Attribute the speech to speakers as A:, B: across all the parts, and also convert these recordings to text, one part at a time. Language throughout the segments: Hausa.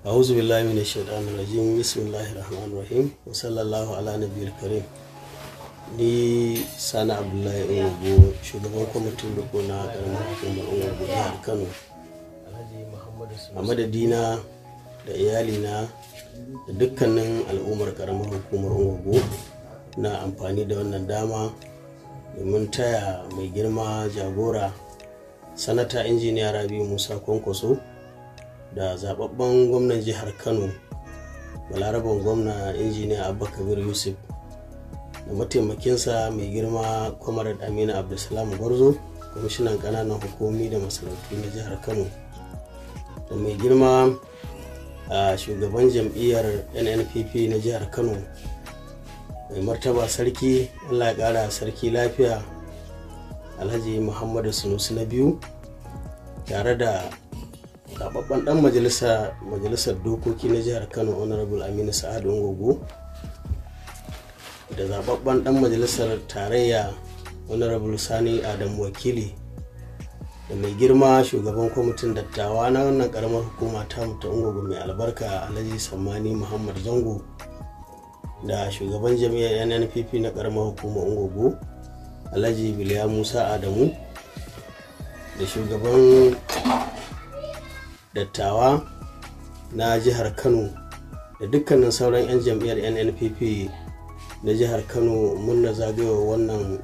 A: أعوذ بالله من الشيطان الرجيم بسم الله الرحمن الرحيم وصلى الله على نبي الكريم ni sani abdullahi umaru shugaban kwamitin riko na karamar hukumar umaru jihar kano a madadina da iyalina da dukkanin al'ummar karamar hukumar umaru na amfani da wannan dama domin taya mai girma jagora sanata injiniya rabi musa kwankwaso da zababben gwamnan jihar kano balaraban gwamna injiniya Abba Kabir yusuf da mataimakinsa mai girma kwamarad aminu abdulsalam gwarzo kwamishinan kananan hukumi da masarautu na jihar kano da mai girma a shugaban jam'iyyar nnpp na jihar kano mai martaba sarki allah ya kara sarki lafiya alhaji muhammadu sunusi na biyu tare da zababban dan majalisar dokoki na jihar kano honorable aminu Sa'adu ungogo da zababban dan majalisar tarayya honorable sani adam wakili da mai girma shugaban kwamitin dattawa na wannan karamar hukuma ta ta ungogo mai albarka alhaji sammani muhammad zango da shugaban jami'ar nnpp na karamar hukumar ungogo alhaji biliya musa adamu da shugaban dattawa na jihar kano da dukkanin sauran 'yan jam'iyyar nnpp na jihar kano muna zagayowa wannan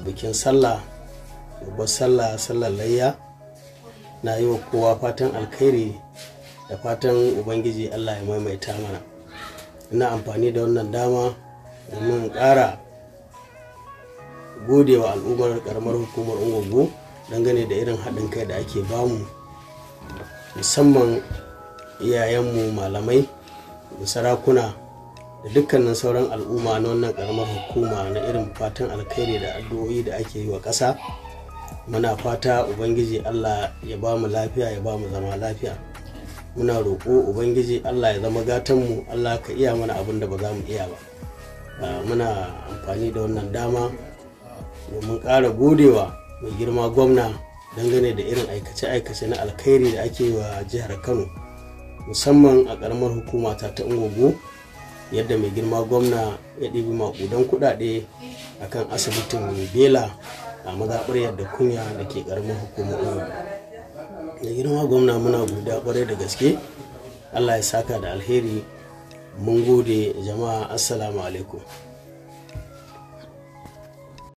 A: bikin sallah babbar sallah sallar layya na yi wa kowa fatan alkhairi da fatan ubangiji allah ya maimaita mana ina amfani da wannan dama domin ƙara gode wa al'ummar karamar hukumar ungungu dangane da irin haɗin kai da ake bamu musamman iyayenmu malamai da sarakuna da dukkanin sauran al'umma na wannan karamar hukuma na irin fatan alkhairi da addu'o'i da ake yi wa ƙasa muna fata ubangiji allah ya ba mu lafiya ya ba mu zama lafiya muna roƙo ubangiji allah ya zama gatanmu allah ka iya mana abin da ba za mu iya ba muna amfani da wannan dama domin ƙara godewa mai girma gwamna dangane da irin aikace-aikace na alkhairi da ake wa jihar kano musamman a karamar hukuma ta ta ungogo yadda mai girma gwamna ya ɗibi maƙudan kuɗaɗe a kan asibitin bela a mazaɓar yadda kunya da ke karamar hukumar ungogo da girma gwamna muna guda ƙwarai da gaske allah ya saka da alheri mun gode jama'a assalamu alaikum